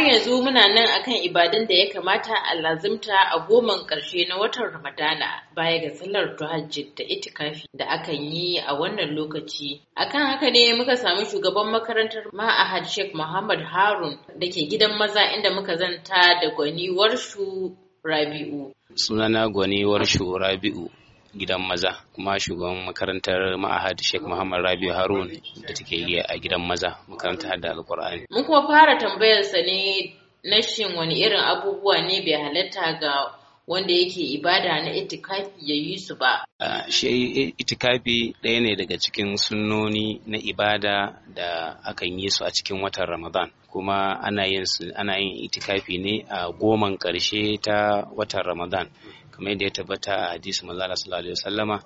har yanzu muna nan akan ibadun da ya kamata a lazimta a goma ƙarshe na watan Ramadana baya ga sallar tuhajjid da itikafi da akan yi a wannan lokaci. Akan haka ne muka samu shugaban makarantar Ma'ahad Sheikh Muhammad Harun da ke gidan maza inda muka zanta da gwaniwar shu Rabi'u. Sunana gwaniwar shu Rabi'u. gidan maza kuma shugaban makarantar ma'ahad Sheikh Muhammad Rabiu Harun da take yi a gidan maza makarantar hadda alkur'ani. Mun kuma fara tambayarsa ne na shin wani irin abubuwa ne bai halatta ga wanda yake ibada na itikafi ya yi su ba. Shi itikafi ɗaya ne daga cikin sunnoni na ibada da akan yi su a cikin watan Ramadan. kuma ana yin ana yin itikafi ne a goman ƙarshe ta watan Ramadan kamar yadda ya tabbata a hadisi manzo sallallahu alaihi wasallama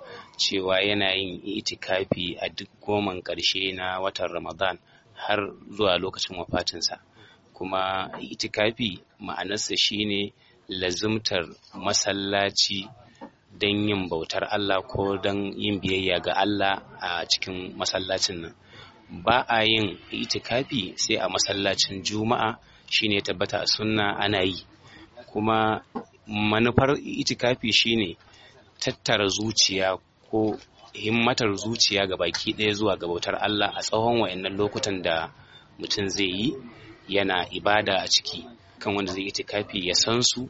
cewa yana yin itikafi a duk goman ƙarshe na watan Ramadan har zuwa lokacin wafatinsa kuma itikafi ma'anarsa shine lazumtar masallaci don yin bautar Allah ko don yin biyayya ga Allah a cikin masallacin nan ba a yin itikafi sai a masallacin juma'a shine tabbata a sunna ana yi kuma manufar itikafi shine tattara zuciya ko himmatar zuciya ga baki ɗaya zuwa ga bautar Allah a tsawon wayannan lokutan da mutum zai yi yana ibada a ciki dukkan wanda zai itikafi ya san su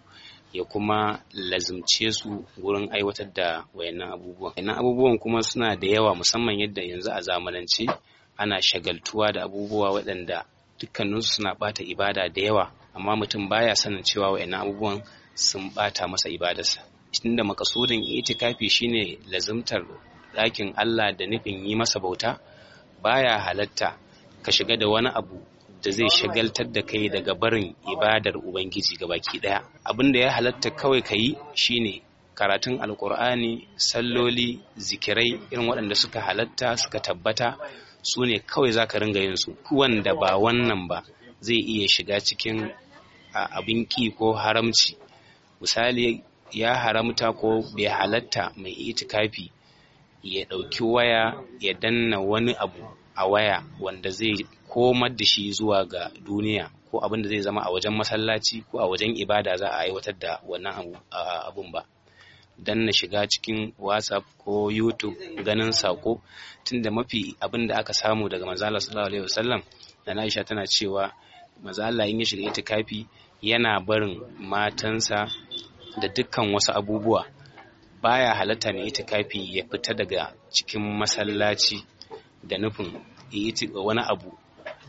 ya kuma lazimce su wurin aiwatar da wayannan abubuwan wayannan abubuwan kuma suna da yawa musamman yadda yanzu a zamanance ana shagaltuwa da abubuwa waɗanda dukkaninsu suna ɓata ibada da yawa amma mutum baya sanin cewa wayannan abubuwan sun ɓata masa ibadarsa tunda makasudin itikafi shine lazimtar ɗakin Allah da nufin yi masa bauta baya halatta ka shiga da wani abu da zai shagaltar da kai daga barin ibadar ubangiji gabaki ɗaya. abin da ya halatta kawai ka yi shine karatun alkur'ani salloli zikirai irin waɗanda suka halatta suka tabbata su ne kawai za ka ringa yin su wanda ba wannan ba zai iya shiga cikin abin ki ko haramci misali ya haramta ko bai halatta mai itikafi ya ɗauki waya ya danna wani abu a waya wanda zai komar da shi zuwa ga duniya ko abin da zai zama a wajen masallaci ko a wajen ibada za a aiwatar da wannan abun ba don na shiga cikin whatsapp ko youtube ganin sako tunda mafi abin da aka samu daga manzala sallallahu alaihi wasallam da aisha tana cewa manzala in ya shiga itikafi yana barin matansa da dukkan wasu abubuwa baya halatta mai itikafi ya fita daga cikin masallaci da nufin yi wani abu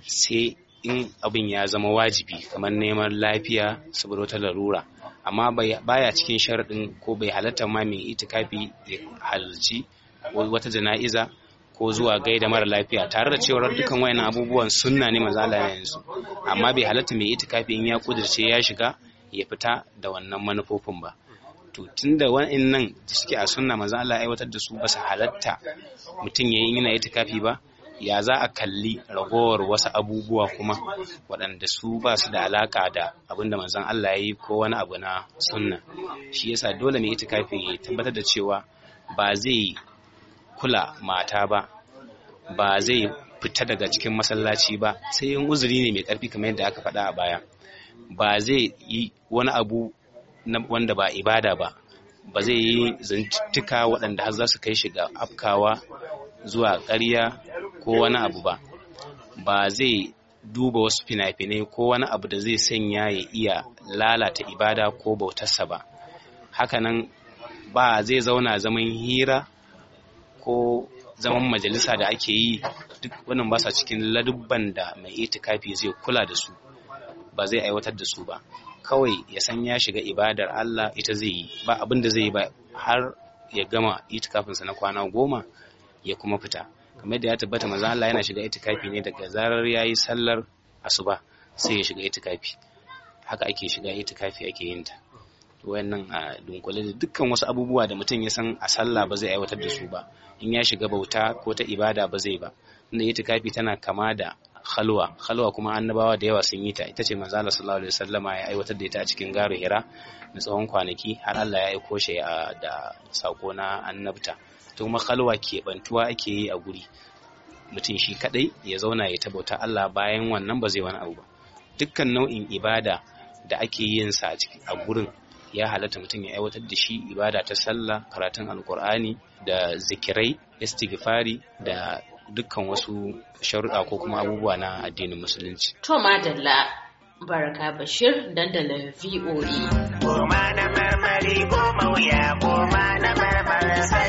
sai in abin ya zama wajibi kamar neman lafiya saboda wata larura amma baya cikin sharaɗin ko bai halatta ma mai itikafi ya halarci wata jana'iza ko zuwa gaida mara lafiya tare da cewar dukkan wayan abubuwan sunna ne maza Allah yanzu amma bai halatta mai itikafi in ya kudirce ya shiga ya fita da wannan manufofin ba to tunda wa'in nan suke a sunna manzon Allah aiwatar da su basu su halatta mutum ya yi yana itikafi ba ya za a kalli ragowar wasu abubuwa kuma waɗanda su ba su da alaƙa da abin da Allah ya yi ko wani abu na sunna shi yasa dole mai kafin ya tabbatar da cewa ba zai kula mata ba ba zai fita daga cikin masallaci ba sai yin uzuri ne mai ƙarfi kamar yadda aka faɗa a baya ba zai yi wani abu wanda ba ibada ba ba zai yi zantuka waɗanda har za su kai shi ga afkawa zuwa ƙarya ko wani abu ba ba zai duba wasu fina-finai ko wani abu da zai sanya ya iya lalata ibada ko bautarsa ba hakanan ba zai zauna zaman hira ko zaman majalisa da ake yi duk wannan ba sa cikin ladubban da mai itikafi zai kula da su ba zai aiwatar da su ba kawai ya san ya shiga ibadar Allah ita zai yi ba abin da zai yi ba har ya gama itikafinsa na kwana goma ya kuma fita kamar da ya tabbata manzo Allah yana shiga itikafi ne daga zarar yayi sallar asuba sai ya shiga itikafi haka ake shiga itikafi ake yin ta wayannan a dunkule da dukkan wasu abubuwa da mutum ya san a sallah ba zai aiwatar da su ba in ya shiga bauta ko ta ibada ba zai ba inda itikafi tana kama da khalwa khalwa kuma annabawa da yawa sun yi ta ita ce manzo Allah sallallahu alaihi wasallama ya aiwatar da ita a cikin garu hira na tsawon kwanaki har Allah ya aiko shi da sako na annabta to kuma khalwa ke bantuwa ake yi a guri mutum shi kadai ya zauna ya tabbata Allah bayan wannan ba zai wani abu ba dukkan nau'in ibada da ake yin sa a gurin ya halatta mutum ya aiwatar da shi ibada ta sallah karatun alkur'ani da zikirai istighfari da dukkan wasu sharuɗa ko kuma abubuwa na addinin musulunci. To madalla baraka bashir dandalin VOE. Goma na marmari goma wuya goma na marmari